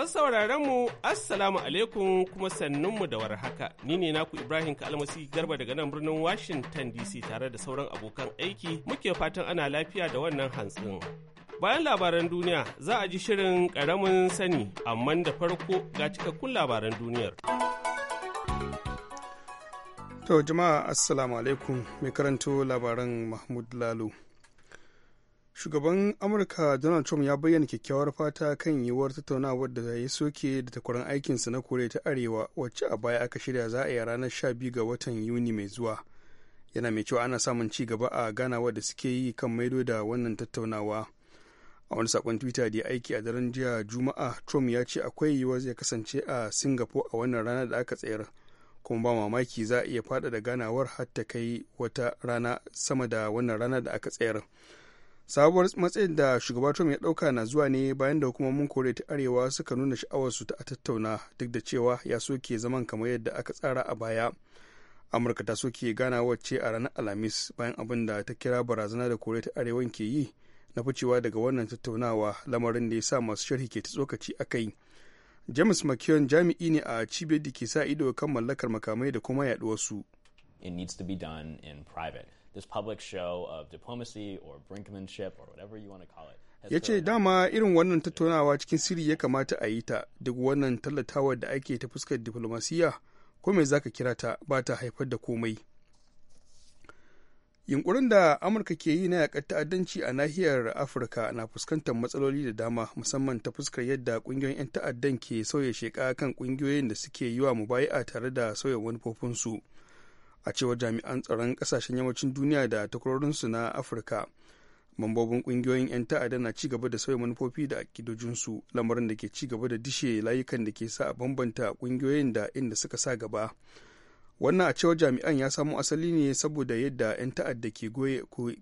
Masu sauraron mu Assalamu alaikum kuma sannun mu da warhaka. Ni ne naku Ibrahim Kalmasi Garba daga nan birnin Washington DC tare da sauran abokan aiki muke fatan ana lafiya da wannan hantsin. Bayan labaran duniya za a ji shirin karamin sani amma da farko ga cikakkun labaran duniyar. To jima'a Assalamu alaikum mai karanto labaran Mahmud Lalo. shugaban amurka donald trump ya bayyana kyakkyawar fata kan yiwuwar tattaunawar da ya soke da takwaran aikinsa na koriya ta arewa wacce a baya aka shirya za a yi ranar 12 ga watan yuni mai zuwa yana mai cewa ana samun ci gaba a ganawa da suke yi kan maido da wannan tattaunawa a wani sakon twitter da ya aiki a daren jiya juma'a trump ya ce akwai yiwuwar zai kasance a singapore a wannan rana da aka tsayar kuma ba mamaki za a iya fada da ganawar har ta kai wata rana sama da wannan ranar da aka tsayar sabuwar matsayin da shugaba trump ya dauka na zuwa ne bayan da hukumomin koriya ta arewa suka nuna sha'awarsu ta tattauna duk da cewa ya soke zaman kamar yadda aka tsara a baya amurka ta soke ganawa ce a ranar alhamis bayan abin da ta kira barazana da koriya ta arewa ke yi na ficewa daga wannan tattaunawa lamarin da ya sa masu sharhi ke ta tsokaci aka yi james mckeon jami'i ne a cibiyar da ke sa ido kan mallakar makamai da kuma yaduwarsu it needs to be done in private this public show of diplomacy or brinkmanship or whatever you want to call it. Ya ce dama irin wannan tattaunawa cikin sirri ya kamata a yi ta duk wannan tallatawar da ake ta fuskar diplomasiya ko me zaka kira ta ba ta haifar da komai. Yunkurin da Amurka ke yi na yakar ta'addanci a nahiyar Afirka na fuskantar matsaloli da dama musamman ta fuskar yadda kungiyoyin 'yan ta'addan ke sauya sheka kan kungiyoyin da suke yi wa mubaya'a tare da sauya manufofinsu. su. a cewar jami'an tsaron kasashen yammacin duniya da takwarorinsu na afirka mambobin kungiyoyin 'yan ta'adda na ci gaba da sauya manufofi da akidojinsu lamarin da ke ci gaba da dishe layukan da ke sa a bambanta kungiyoyin da inda suka sa gaba wannan a cewar jami'an ya samo asali ne saboda yadda 'yan ta'adda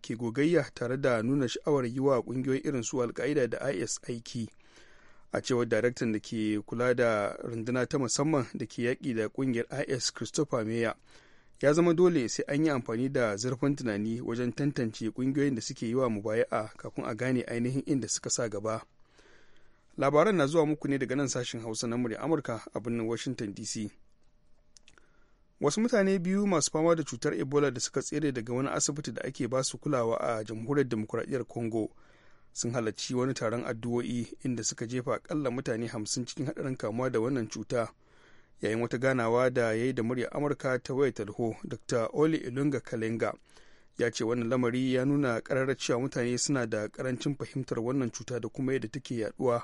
ke gogayya tare da nuna sha'awar yi wa kungiyoyi irin su alka'ida da is aiki a cewar daraktan da ke kula da runduna ta musamman da ke yaƙi da kungiyar is christopher meyer ya zama dole sai an yi amfani da zurfin tunani wajen tantance ƙungiyoyin da suke yi wa mubaya'a kafin a gane ainihin inda suka sa gaba labaran na zuwa muku ne daga nan sashen hausa na murya amurka a birnin washington dc wasu mutane biyu masu fama da cutar ebola da suka tsere daga wani asibiti da ake basu kulawa a jamhuriyar demokuraɗiyyar congo sun halarci wani taron addu'o'i inda suka jefa akalla mutane 50 cikin haɗarin kamuwa da wannan cuta yayin wata ganawa da ya yi da murya amurka ta waya talho dr oli ilunga kalenga ya ce wannan lamari ya nuna karar cewa mutane suna da karancin fahimtar wannan cuta da kuma yadda take yaduwa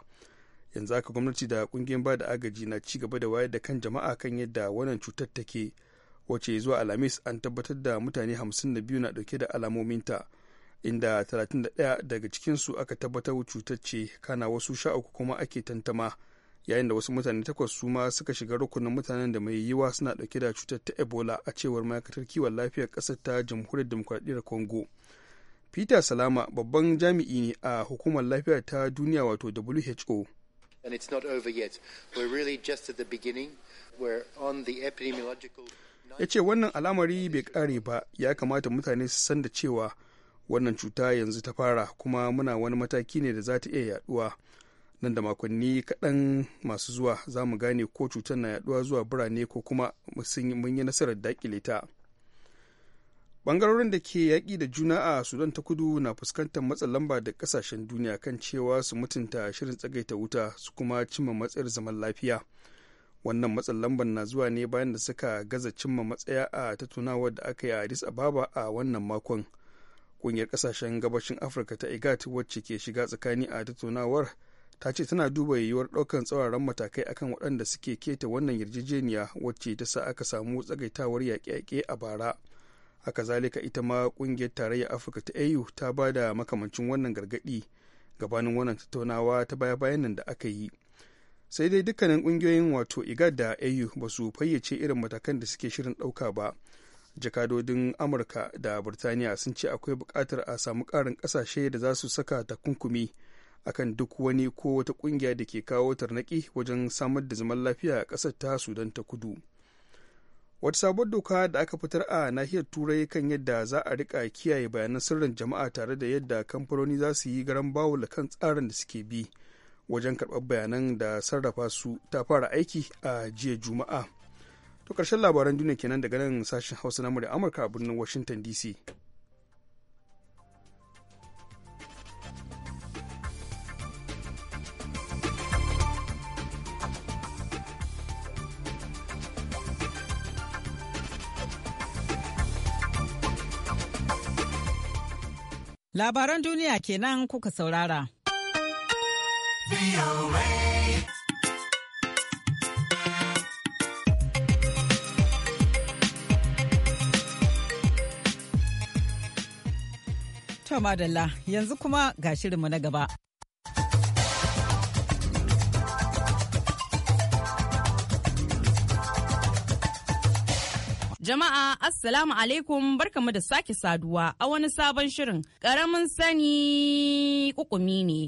yanzu haka gwamnati da kungiyar ba da agaji na ci gaba da wayar da kan jama'a kan yadda wannan cutar take wace zuwa alhamis an tabbatar da mutane 52 na dauke da alamominta inda 31 daga cikinsu aka tabbatar cutar ce kana wasu sha uku kuma ake tantama yayin da wasu mutane takwas su ma suka shiga rukunin mutanen da mai yiwa suna dauke da cutar ta ebola a cewar ma'aikatar kiwon lafiyar kasar ta jamhuriyar demokradiyyar congo peter salama babban jami'i ne a hukumar lafiya ta duniya wato who and it's not over yet we're really just at the beginning we're on the epidemiological ya ce wannan al'amari bai kare ba ya kamata mutane su san da cewa wannan cuta yanzu ta fara kuma muna wani mataki ne da za ta iya yaduwa nan da makonni kaɗan masu zuwa za mu gane ko cutar na yaduwa zuwa birane ko kuma mun yi nasarar dakile ta bangarorin da ke yaƙi da juna a sudan ta kudu na fuskantar matsa lamba da ƙasashen duniya kan cewa su mutunta shirin tsagaita wuta su kuma cimma matsayar zaman lafiya wannan matsin lambar na zuwa ne bayan da suka gaza cimma matsaya a tattaunawar da aka yi a addis ababa a wannan makon ƙungiyar ƙasashen gabashin afirka ta igat wacce ke shiga tsakani a tattaunawar ta ce tana duba yiwuwar ɗaukar tsauraran matakai akan waɗanda suke keta wannan yarjejeniya wacce ta sa aka samu tsagaitawar yaƙe-yaƙe a bara haka zalika ita ma ƙungiyar tarayyar afirka ta au ta ba da makamancin wannan gargaɗi gabanin wannan tattaunawa ta baya-bayan nan da aka yi sai dai dukkanin ƙungiyoyin wato igad da au ba su fayyace irin matakan da suke shirin ɗauka ba jakadodin amurka da birtaniya sun ce akwai buƙatar a samu ƙarin ƙasashe da za su saka takunkumi akan duk wani ko wata kungiya da ke kawo tarnaki wajen samar da zaman lafiya a ƙasar ta sudan ta kudu wata sabuwar doka da aka fitar a nahiyar turai kan yadda za a rika kiyaye bayanan sirrin jama'a tare da yadda kamfanoni za su yi garan bawul kan tsarin da suke bi wajen karɓar bayanan da sarrafa su ta fara aiki a jiya juma'a to ƙarshen labaran duniya kenan daga nan sashen hausa na amurka a birnin washington dc Labaran duniya kenan kuka saurara. To yanzu kuma ga shirinmu na gaba. Jama'a Assalamu alaikum barkamu da sake saduwa a wani sabon shirin ƙaramin sani kukumi ne.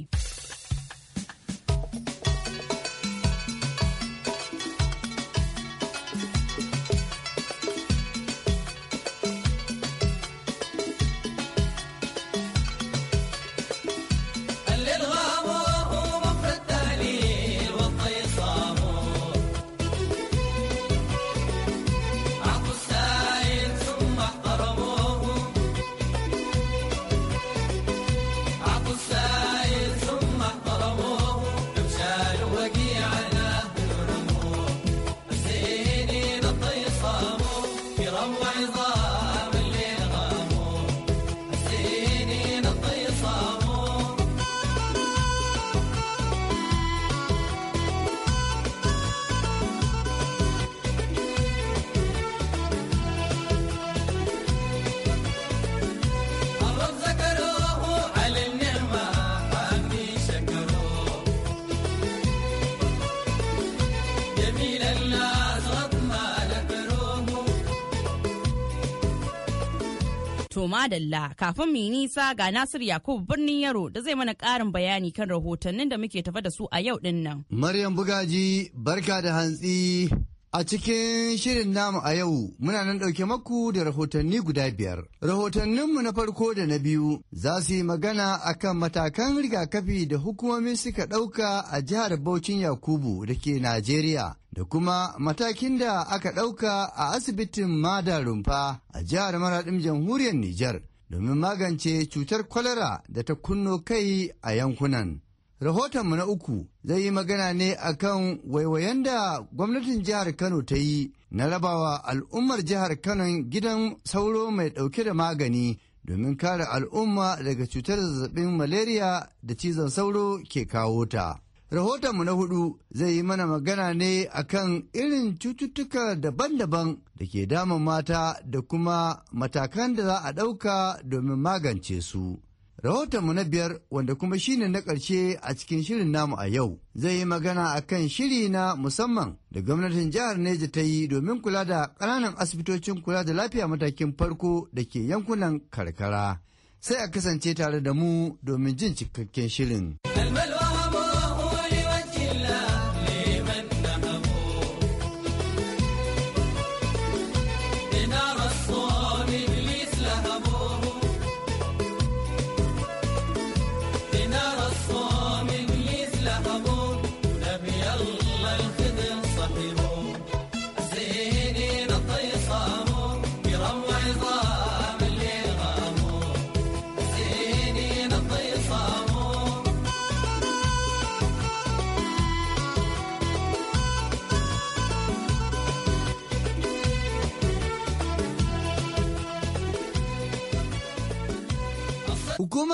To Dalla, kafin mu yi nisa ga Nasir Yakubu birnin Yaro da zai mana ƙarin bayani kan rahotannin da muke tafa da su a yau din nan. Maryam Bugaji barka da hantsi a cikin shirin namu a yau muna nan ɗauke maku da rahotanni guda biyar. Rahotanninmu na farko da na biyu za su yi magana akan matakan rigakafi da hukumomi suka ɗauka a jihar Bauchin Yakubu da ke Najeriya da kuma matakin da aka ɗauka a asibitin Mada Rumfa a jihar Maraɗin jamhuriyar Nijar domin magance cutar kwalara da ta kunno kai a yankunan. Rahotonmu na uku zai yi magana ne akan waiwayen da gwamnatin jihar Kano ta yi na rabawa al'ummar jihar Kano gidan sauro mai ɗauke da magani domin kare al'umma daga cutar zazzabin malaria da cizon sauro ke kawo ta. Rahotonmu na hudu zai yi mana magana ne akan irin cututtuka daban-daban da ke damun mata da kuma matakan da za a ɗauka domin magance su. Rahotonmu na biyar wanda kuma shine na ƙarshe a cikin shirin namu a yau zai yi magana akan shiri na musamman da gwamnatin jihar Neja ta yi domin kula da ƙananan asibitocin kula da lafiya matakin farko da ke yankunan karkara. Sai a kasance tare da mu domin jin cikakken shirin.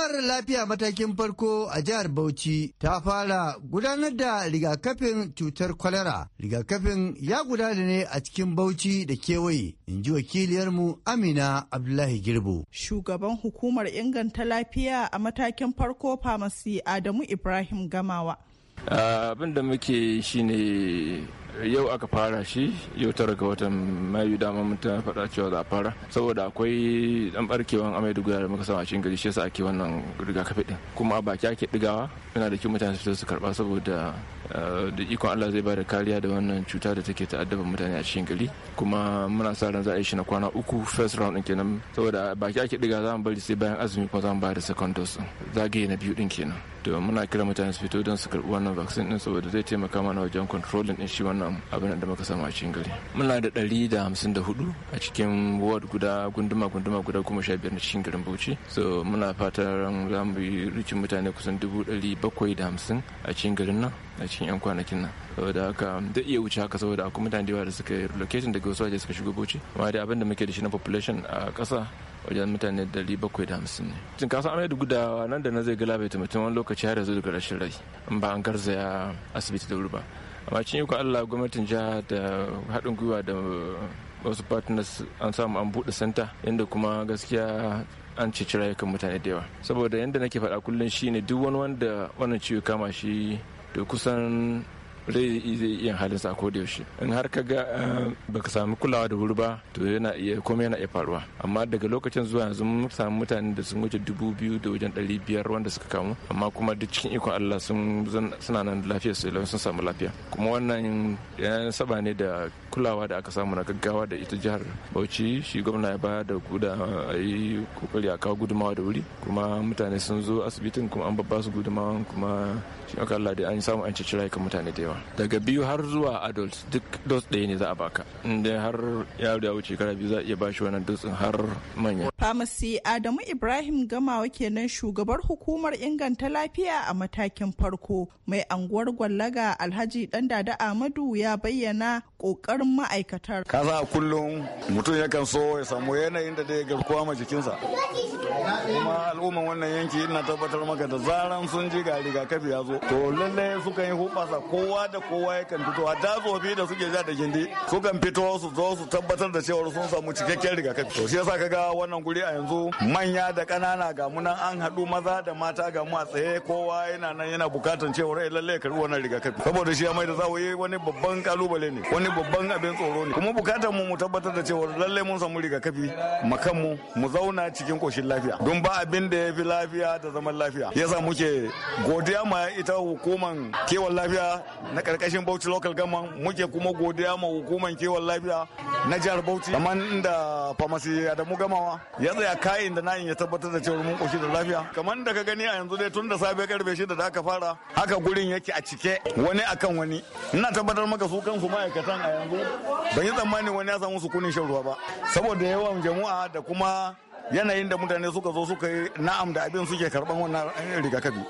Hukumar lafiya matakin farko a jihar Bauchi ta fara gudanar da rigakafin cutar kwalara. Rigakafin ya gudana ne a cikin Bauchi da kewaye, in ji wakiliyarmu Amina Abdullahi Girbo. Shugaban hukumar inganta lafiya a matakin farko famasi Adamu Ibrahim Gamawa. Abin da muke shine yau aka fara shi yau tara ga watan mayu dama mun ta faɗa cewa za a fara saboda akwai dan barkewan amai da da muka samu a cikin gari shi yasa ake wannan rigakafi din kuma a baki ake digawa yana da kyau mutane su su karba saboda Eh, da ikon Allah zai ba da kariya da wannan cuta da take ta'addaba mutane a cikin gari kuma muna sa ran za a yi shi na kwana uku first round din kenan saboda baki ake diga za mu bari sai bayan azumi kuma za mu ba da second dose zagaye na biyu din kenan to muna kira mutane su fito don su karbi wannan vaccine din saboda zai taimaka mana wajen controlling din shi wannan abin da muka samu a cikin gari muna da ɗari da hamsin da hudu a cikin ward guda gunduma gunduma guda kuma sha biyar na cikin garin bauchi so muna fatan za mu yi rikin mutane kusan dubu ɗari bakwai da hamsin a cikin garin nan a cikin 'yan kwanakin nan saboda haka zai iya wuce haka saboda akwai mutane da yawa da suka yi daga wasu waje suka shigo bauchi amma da abin da muke da shi na population a ƙasa wajen mutane dari bakwai da hamsin ne cin kasa amai da gudawa nan da na zai galabaita mutum wani lokaci har yanzu daga rashin rai in ba an garzaya asibiti da wuri ba amma cikin ikon allah gwamnatin jiha da haɗin gwiwa da wasu partners an samu an buɗe santa inda kuma gaskiya an ceci rayukan mutane da yawa saboda yadda nake faɗa kullum shine duk wani wanda wannan ciwo kama shi to kusan rai zai iya halinsa ko da yaushe in har ka ga eh, baka samu kulawa da wuri ba to yana iya komai yana iya faruwa amma daga lokacin zuwa yanzu mun samu mutane da sun wuce dubu biyu da wajen ɗari biyar wanda suka kamu amma kuma duk cikin ikon Allah sun suna nan lafiya su sun samu lafiya kuma wannan yana saba ne da kulawa da aka samu na gaggawa da ita jihar Bauchi shi gwamna ya bayar da guda a yi kokari a kawo gudumawa da wuri kuma mutane sun zo asibitin kuma an babba su gudumawa kuma shi Allah da an samu an cici rayukan mutane da yawa daga biyu har zuwa adult duk dose ɗaya ne za a baka inda har yaro ya wuce kara biyu za a iya bashi wannan dutsen har manya. Famasi Adamu Ibrahim Gamawa kenan shugabar hukumar inganta lafiya a matakin farko mai anguwar gwallaga Alhaji Dan Dada Ahmadu ya bayyana ƙoƙarin ma'aikatar. Ka sa kullum mutum yakan so ya samu yanayin da zai garkuwa ma jikinsa. Kuma al'umman wannan yanki ina tabbatar maka da zaran sun ji ga rigakafi ya zo. To lallai sukan yi hubasa kowa da kowa yakan fito a dazobi da suke ja da gindi sukan fito su zo su tabbatar da cewar sun samu cikakken rigakafi. To shi yasa kaga wannan guri a yanzu manya da ƙanana ga munan an haɗu maza da mata ga mu a tsaye kowa yana nan yana bukatan cewar eh, lallai karɓi wannan rigakafi. Saboda shi ya mai da zawo eh, wani babban kalubale ne. Wani babban abin tsoro ne kuma bukatar mu mu tabbatar da cewa lallai mun samu rigakafi kanmu mu zauna cikin koshin lafiya don ba abin da ya fi lafiya da zaman lafiya yasa muke godiya ma ita hukuman kewan lafiya na karkashin Bauchi local government muke kuma godiya ma hukuman kewan lafiya na jihar Bauchi kamar inda famasi Adamu Gamawa ya tsaya kayan da nayin ya tabbatar da cewa mun koshi da lafiya kamar da ka gani a yanzu dai tun da safe karfe shida da aka fara haka gurin yake a cike wani akan wani ina tabbatar maka su kansu ma'aikatan a yanzu ban yi tsammani wani ya samu sukunin shan ruwa ba saboda yawan jama'a da kuma yanayin da mutane suka zo suka yi na'am da abin suke karban wannan rigakafi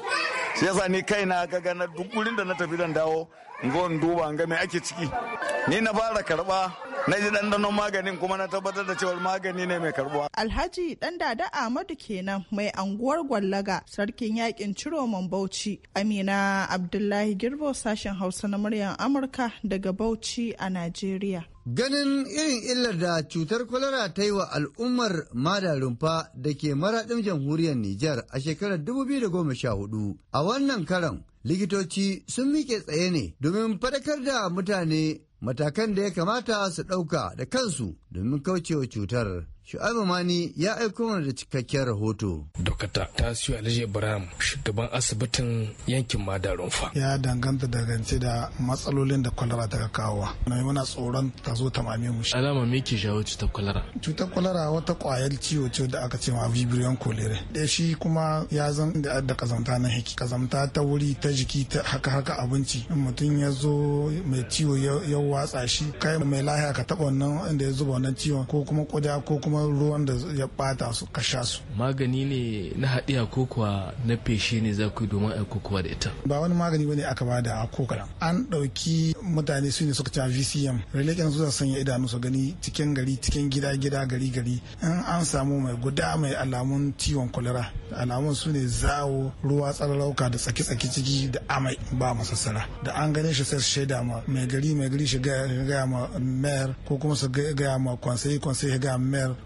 sai yasa ni kaina ga gana duk wurin da na tafi dan dawo in zo in duba in ga me ake ciki ni na fara karba na ji ɗanɗanon maganin kuma na tabbatar da cewar magani ne mai karbuwa. Alhaji ɗan dada Ahmadu kenan mai anguwar Gwallaga sarkin yakin Ciroman Bauchi Amina Abdullahi Girbo sashen Hausa na muryar Amurka daga Bauchi a Najeriya. Ganin irin illar da cutar kwalara ta yi wa al'ummar Mada Rumfa da ke maraɗin jamhuriyar Nijar a shekarar 2014 a wannan karan likitoci sun miƙe tsaye ne domin faɗakar da mutane matakan da ya kamata su ɗauka da kansu domin kaucewa cutar. Shu'aibu Mani ya aiko mana da cikakken rahoto. Dokata Tasiu Alhaji Ibrahim shugaban asibitin yankin Madarun Fa. Ya danganta dangance da matsalolin da kwalara ta kawowa. yi muna tsoron ta zo ta mame mu. Alama me ke jawo cutar kwalara? Cutar kwalara wata ƙwayar ciwo ce da aka ce ma vibrion cholera. Da eh, shi kuma ya zan da adda kazamta na hiki. Kazamta ta wuri ta jiki ta haka haka abinci. In mutum ya zo mai ciwo ya watsa shi kai mai lahiya ka taɓa wannan inda ya zuba wannan ciwon ko kuma ƙoda ko kuma kuma ruwan da ya bata su kasha su magani ne na haɗiya ko kuwa na feshi ne za ku yi domin a kokowa da ita ba wani magani bane aka ba da kokaran an ɗauki mutane su ne suka ci vcm rilekin su sanya idanu su gani cikin gari cikin gida gida gari gari in an samu mai guda mai alamun ciwon kwalara alamun su ne zawo ruwa tsararauka da tsaki-tsaki ciki da amai ba masassara da an gane shi sai shaida ma mai gari mai gari shi gaya ma mayor ko kuma su gaya ma kwansai kwansai ga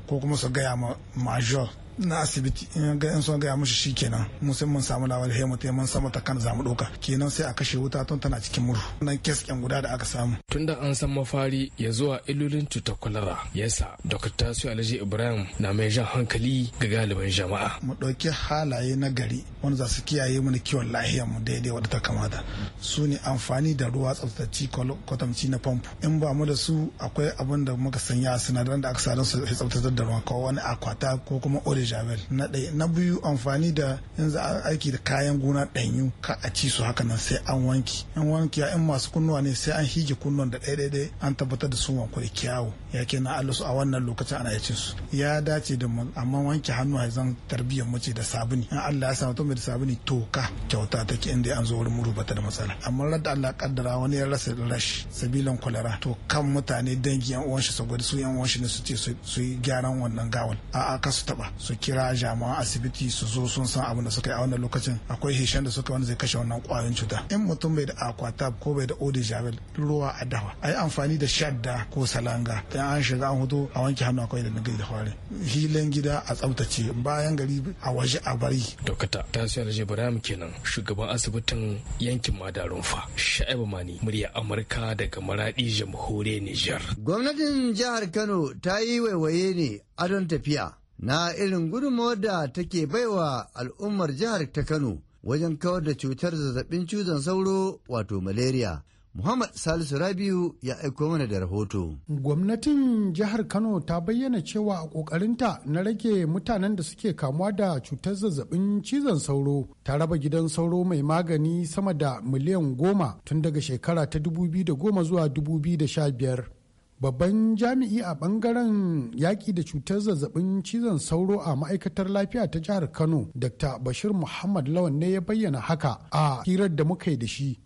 ko kuma su gaya ma major na asibiti in ga yan son gaya mushi shi kenan mu sai mun samu lawal hemu te mun ta kan zamu doka kenan sai a kashe wuta tun tana cikin muru. nan kes ɗin guda da aka samu tunda an san mafari ya zuwa illolin cutar kwalara yasa dr tasu alaji ibrahim na mai jan hankali ga galiban jama'a mu dauki halaye na gari wanda za su kiyaye mu kiwon lahiyar mu daidai wadda ta kamata su ne amfani da ruwa tsaftaci kwatamci na famfo in ba mu da su akwai abin da muka sanya sinadaran da aka sa su tsaftatar da ruwa ko wani akwata ko kuma ore javel na ɗaya na biyu amfani da in yanzu aiki da kayan gona ɗanyu ka a ci su haka nan sai an wanki in wanki ya in masu kunnuwa ne sai an hige kunnuwan da ɗaya ɗaya an tabbatar da sun wanku da kyawu ya ke na allasu a wannan lokacin ana cin su ya dace da mu amma wanke hannu a zan tarbiyyar mace da sabuni in Allah ya sa mutum da sabuni toka kyauta take inda an zo wurin muru bata da matsala amma radda Allah kaddara wani ya rasa rash sabilan kwalara to kan mutane dangi yan uwan shi su gwada su yan uwan ne su ce su yi gyaran wannan gawal a'a ka su taba su kira jami'an asibiti su zo sun san abin da suka yi a wannan lokacin akwai hishen da suka wanda zai kashe wannan kwayoyin cuta in mutum bai da aquatab ko bai da eau de javel ruwa a dawa a yi amfani da shadda ko salanga ta an shiga an hudu a wanke hannu akwai da nagari da fare hilin gida a tsaftace bayan gari a waje a bari dokata tasiru alhaji ibrahim kenan shugaban asibitin yankin madarun fa sha'ibu mani murya amurka daga maraɗi jamhuriyar nijar gwamnatin jihar kano ta yi waiwaye ne adon tafiya na irin gudunmawar da take baiwa al'ummar jihar ta Kano wajen kawar da cutar zazzabin cizon sauro wato malaria. Muhammad Salisu Rabiu ya aiko mana da rahoto. Gwamnatin jihar Kano ta bayyana cewa a ƙoƙarinta na rage mutanen da suke kamuwa da cutar zazzabin cizon sauro ta raba gidan sauro mai magani sama da miliyan goma tun daga shekara ta 2010 zuwa 2015 Babban jami'i a bangaren yaƙi da cutar zazzabin cizon sauro a ma'aikatar lafiya ta jihar Kano, Dr. Bashir Muhammad Lawan ne ya bayyana haka a hirar da muka yi da shi.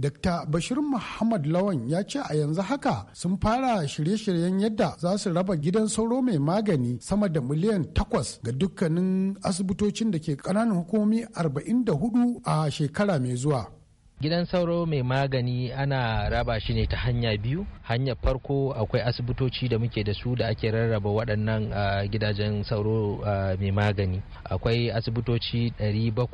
Dr. Bashir Muhammad Lawan ya ce a yanzu haka sun fara shirye-shiryen yadda za su raba gidan sauro mai magani sama da miliyan takwas ga dukkanin asibitocin da ke ƙananan hukumomi 44 a shekara mai zuwa. gidan sauro mai magani ana raba shi ne ta hanya biyu hanyar farko akwai asibitoci da muke da su da ake rarraba waɗannan ah, gidajen sauro ah, mai magani akwai asibitoci 700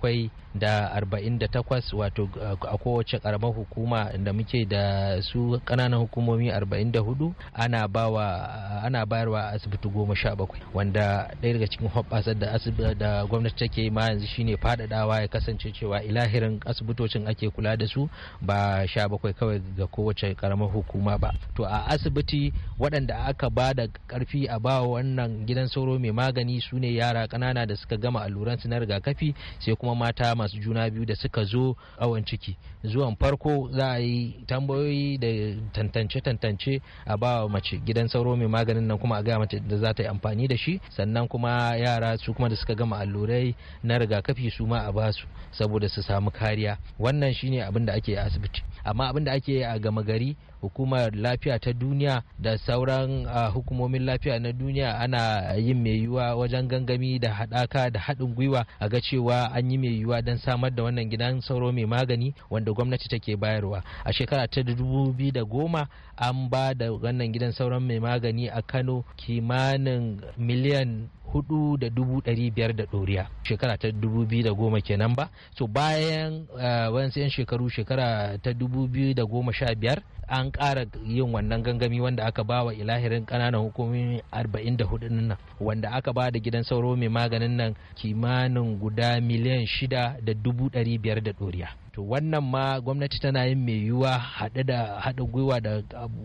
da 48 wato a kowace karamar hukuma da muke da su kananan hukumomi 44 ana bawa ana bayarwa asibiti goma sha bakwai wanda ɗaya daga cikin hoɓɓasar da da gwamnati take ma yanzu shine faɗaɗawa ya kasance cewa ilahirin asibitocin ake kula da su ba sha bakwai kawai ga kowace karamar hukuma ba to a asibiti waɗanda aka ba da ƙarfi a ba wannan gidan sauro mai magani sune yara ƙanana da suka gama alluran su na rigakafi sai kuma mata masu masu juna biyu da suka zo awon ciki zuwan farko za a yi tambayoyi da tantance-tantance a ba mace gidan sauro mai maganin nan kuma a gaya mace da za ta yi amfani da shi sannan kuma yara su kuma da suka gama allurai na rigakafi su ma a basu saboda su samu kariya wannan shine abin da ake a asibiti amma abin da ake a gama gari hukumar lafiya ta duniya da sauran hukumomin lafiya na duniya ana yin mai yiwuwa wajen gangami da haɗaka da haɗin gwiwa a ga cewa an yi mai yiwuwa don samar da wannan gidan sauro mai magani wanda gwamnati take bayarwa a shekara ta da goma an ba da wannan gidan sauron mai magani a kano kimanin miliyan hudu da dubu dari biyar da ɗoriya shekara ta dubu biyu da goma kenan ba so bayan eh, wayan shekaru shekara ta dubu biyu da goma sha biyar an ƙara yin wannan gangami wanda aka ba wa ilahirin ƙananan hukumomi arba'in da hudu nan wanda aka ba da gidan sauro mai maganin nan kimanin guda miliyan shida da dubu ɗari biyar da ɗoriya to wannan ma gwamnati tana yin mai yiwuwa haɗe da haɗa gwiwa da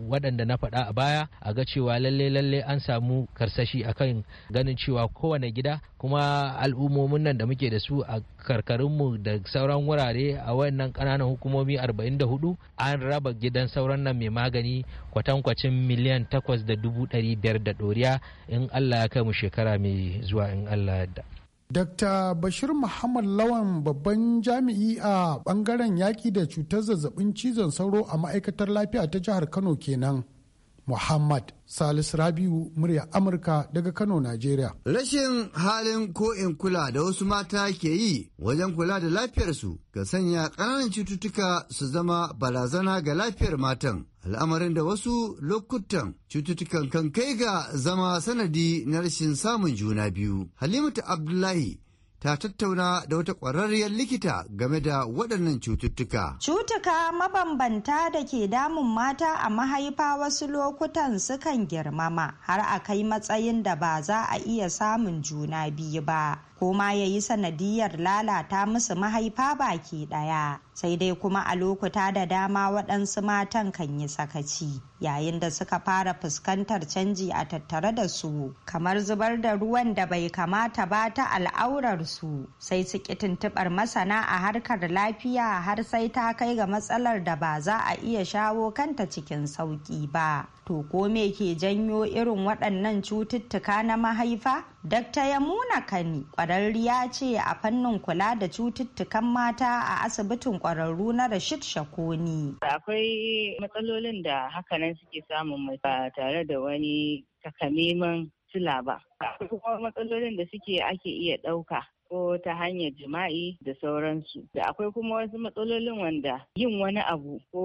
waɗanda na faɗa a baya a ga cewa lalle lalle an samu karsashi akan ganin cewa kowane gida kuma al'ummomin nan da muke da su a karkarinmu da sauran wurare a wannan ƙananan hukumomi 44 an raba gidan sauran nan mai magani kwatankwacin miliyan takwas da ɗoriya in Allah ya kai kai mu shekara mai zuwa in Allah yadda. Dr. Bashir Muhammad Lawan babban jami'i a ɓangaren yaƙi da cutar zazzabin cizon sauro a ma'aikatar lafiya ta jihar Kano kenan. Muhammad Salisu Rabiu murya Amurka daga Kano, Najeriya. Rashin halin ko'in kula da wasu mata ke yi wajen kula da lafiyarsu ga sanya ƙananan cututtuka su zama balazana ga lafiyar matan. Al'amarin da wasu lokutan cututtukan kan kai ga zama sanadi na rashin samun juna biyu. Halimatu Abdullahi ta tattauna da wata ƙwararriyar likita game da waɗannan cututtuka. Cutuka mabambanta da ke damun mata a mahaifa wasu lokutan sukan girmama har a kai matsayin da ba za a iya samun juna biyu ba. ko ma ya yi sanadiyar lalata musu mahaifa baki ɗaya sai dai kuma a lokuta da dama waɗansu matan kan yi sakaci yayin da suka fara fuskantar canji a tattare da su kamar zubar da ruwan da bai kamata ba ta al'aurarsu sai su tuntuɓar masana a harkar lafiya har sai ta kai ga matsalar da ba za a iya shawo kanta cikin sauƙi ba to ko me ke janyo irin waɗannan cututtuka na mahaifa dakta ya muna kani ya ce a fannin kula da cututtukan mata a asibitin kwararru na Rashid Shakoni. Akwai matsalolin da hakanan suke samun mai, ba tare da wani takamaiman sila ba. Akwai kuma matsalolin da suke ake iya ɗauka ko ta hanyar jima'i da sauransu da akwai kuma wasu matsalolin wanda yin wani abu ko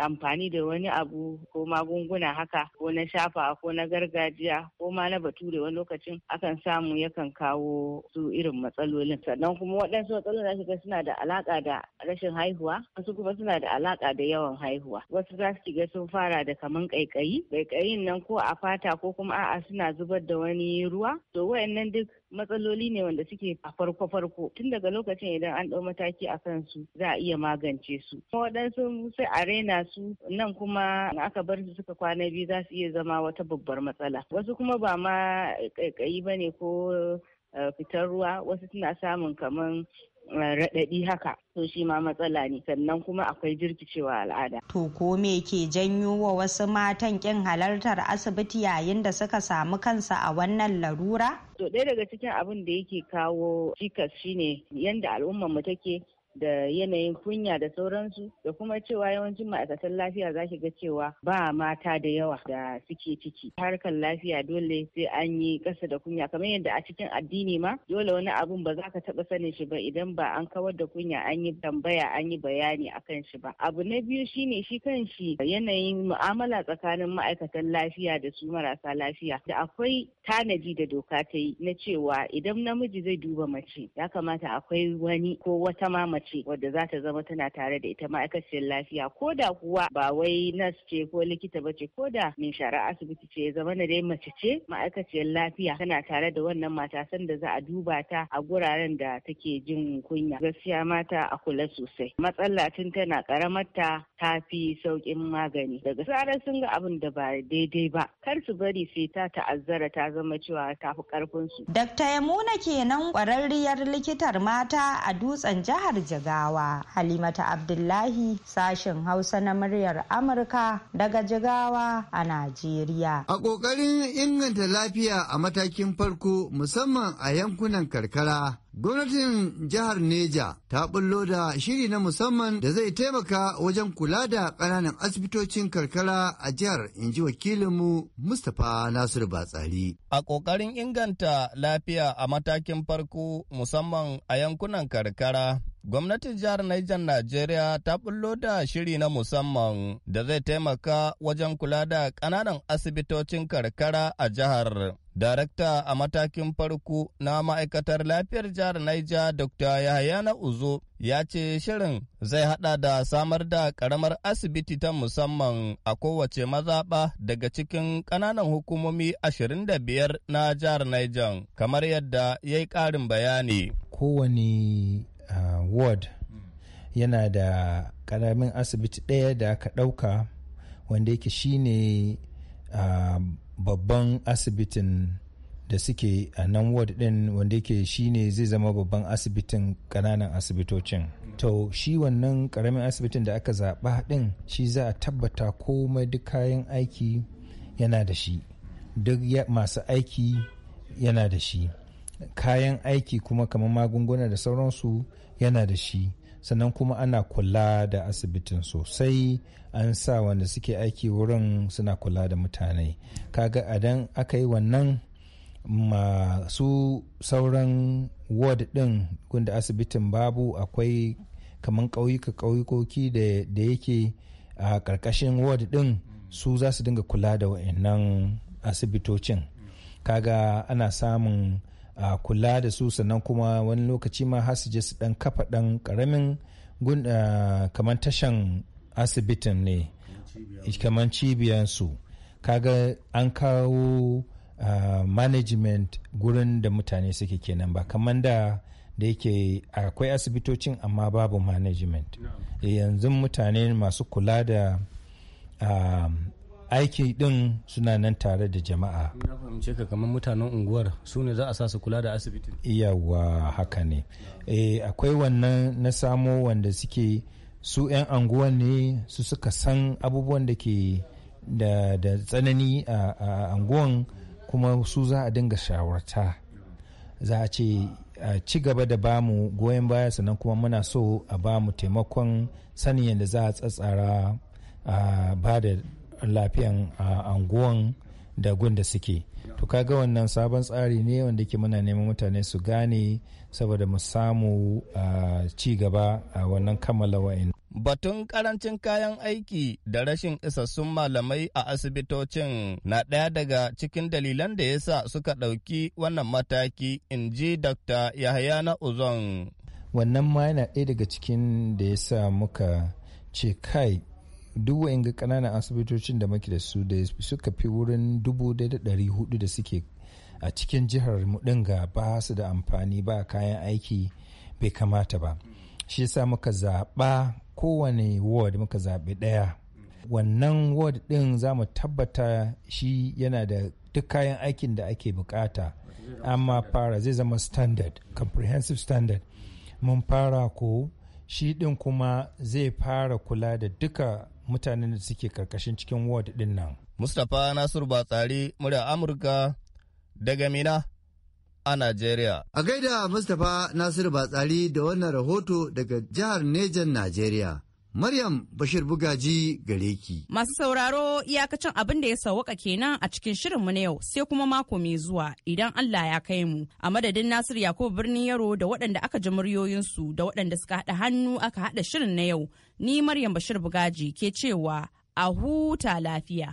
amfani da wani abu ko magunguna haka ko na shafa ko na gargajiya ko ma na bature wani lokacin akan samu yakan kawo su irin matsalolin sannan kuma waɗansu matsalolin shiga suna da alaƙa da rashin haihuwa wasu kuma suna da alaƙa da yawan haihuwa wasu za su ga sun fara da kaman ƙaiƙayi ƙaiƙayin nan ko a fata ko kuma a'a suna zubar da wani ruwa to waannan duk matsaloli ne wanda suke a farko-farko tun daga lokacin idan an ɗau mataki a kansu su za a iya magance su waɗansu sai a raina su nan kuma aka bar su suka kwana biyu za su iya zama wata babbar matsala wasu kuma ba ma ƙaiƙayi ba ne ko eh, fitar ruwa wasu suna samun kamar raɗaɗi haka to shi ma matsala ne sannan kuma akwai jirkicewa al'ada. To ko me ke janyo wa wasu matan kin halartar asibiti yayin da suka samu kansa a wannan larura? To ɗaya daga cikin abin da yake kawo cikas shine yanda al'ummar mu take da yanayin kunya da sauransu da kuma cewa yawancin ma'aikatan lafiya za ga cewa ba mata da yawa da suke ciki harkar lafiya dole sai an yi kasa da kunya kamar yadda a cikin addini ma dole wani abun ba za ka taɓa sanin shi ba idan ba an kawar da kunya an yi tambaya an yi bayani akan shi ba abu na biyu shine shi kan shi yanayin mu'amala tsakanin ma'aikatan lafiya da su marasa lafiya da akwai tanadi da doka ta yi na cewa idan namiji zai duba mace ya kamata akwai wani ko wata ma mace ce wadda za ta zama tana tare da ita ma'aikaciyar lafiya ko da kuwa ba wai nas ce ko likita ba ce ko da min shara asibiti ce zama na dai mace ce ma'aikaciyar lafiya tana tare da wannan mata sanda za a duba ta a guraren da take jin kunya gaskiya mata a kula sosai matsala tun tana karamar ta ta fi saukin magani daga Sara sun ga abin da ba daidai ba kar su bari sai ta ta'azzara ta zama cewa ta fi karfin su. Dakta Yamuna kenan kwararriyar likitar mata a dutsen jihar Jos. Jigawa. Halimata Abdullahi sashen Hausa na muryar Amurka daga Jigawa a Najeriya. A ƙoƙarin inganta lafiya a matakin farko musamman a yankunan karkara. Gwamnatin jihar Neja ta bullo da shiri na musamman da zai taimaka wajen kula da ƙananan asibitocin karkara a jihar inji wakilinmu Mustapha Nasir Batsari. A ƙoƙarin inganta lafiya a matakin farko musamman a yankunan karkara, gwamnatin jihar Niger Najeriya ta bullo da shiri na musamman da zai taimaka wajen kula da ƙananan asibitocin karkara a jihar. Darakta a matakin farko na ma'aikatar lafiyar jihar Niger Dr. Yahayana Uzo ya ce shirin zai haɗa da samar da ƙaramar asibiti ta musamman a kowace mazaɓa daga cikin ƙananan hukumomi 25 na jihar Niger kamar yadda ya yi ƙarin bayani. Kowane Uh, ward yana da karamin asibiti ɗaya da aka ɗauka wanda yake shine uh, babban asibitin da suke a nan ward ɗin wanda yake shine zai zama babban asibitin ƙananan asibitocin to shi wannan ƙaramin asibitin da aka zaɓa ɗin shi za a tabbata komai duk kayan aiki yana da shi duk masu aiki yana da shi kayan aiki kuma kamar magunguna da sauransu yana da shi sannan kuma ana kula da asibitin sosai an sa wanda suke aiki wurin suna kula da mutane kaga adan aka yi wannan masu sauran ward din gunda asibitin babu akwai kamar ƙauyuka ƙauyukoki da yake a ƙarƙashin ward din su za su dinga kula da wa'annan asibitocin kaga ana samun a kula da su sannan kuma wani lokaci ma har su je su dan kafa dan karamin kamar tashan asibitin ne kamar su kaga an kawo management gurin da mutane suke kenan ba kamar da da yake akwai asibitocin amma babu management eh, yanzu mutane masu kula da aiki din suna nan tare da jama'a. Na fahimce ka kamar mutanen unguwar su ne za a sa su kula da asibitin. Iyawa haka ne. Eh, akwai wannan na samo wanda suke su 'yan anguwan ne su suka san abubuwan da ke da tsanani a anguwan kuma su za a dinga shawarta. Za a ce a ci gaba da ba mu goyon baya sannan kuma muna so a ba mu taimakon sanin yadda za a tsatsara a ba da lafiyan anguwan da gunda suke to kaga wannan sabon tsari ne wanda ke muna neman mutane su gane saboda mu samu ci gaba a wannan kammala wa'in Batun karancin kayan aiki da rashin isassun malamai a asibitocin na ɗaya daga cikin dalilan da ya sa suka ɗauki wannan mataki, in ji Dr. Yahaya na Uzon. Wannan ma yana ɗaya daga cikin da ya sa muka ce kai duk wa'in ga ƙananan asibitocin da muke da su da suka fi wurin dubu da dari hudu da suke a cikin jihar mu ga ba su da amfani ba kayan aiki bai kamata ba shi yasa muka zaɓa kowane ward muka zaɓi ɗaya wannan ward ɗin za mu tabbata shi yana da duk kayan aikin da ake bukata amma fara zai zama standard comprehensive standard mun fara ko shi ɗin kuma zai fara kula da duka mutanen da suke karkashin cikin ward din nan. Mustapha Nasir Batsari murya Amurka daga Mina a Najeriya. A gaida Mustapha Nasir Batsari da wannan rahoto daga jihar Nejan Najeriya. Maryam Bashir Bugaji gare ki. Masu sauraro iyakacin abin da ya sauwaka kenan a cikin shirin mu na yau sai kuma mako mai zuwa idan Allah ya kai mu. A madadin Nasiru Yakubu birnin Yaro da waɗanda aka ji muryoyinsu da waɗanda suka haɗa hannu aka haɗa shirin na yau. Ni Maryam Bashir Bugaji ke cewa a huta lafiya.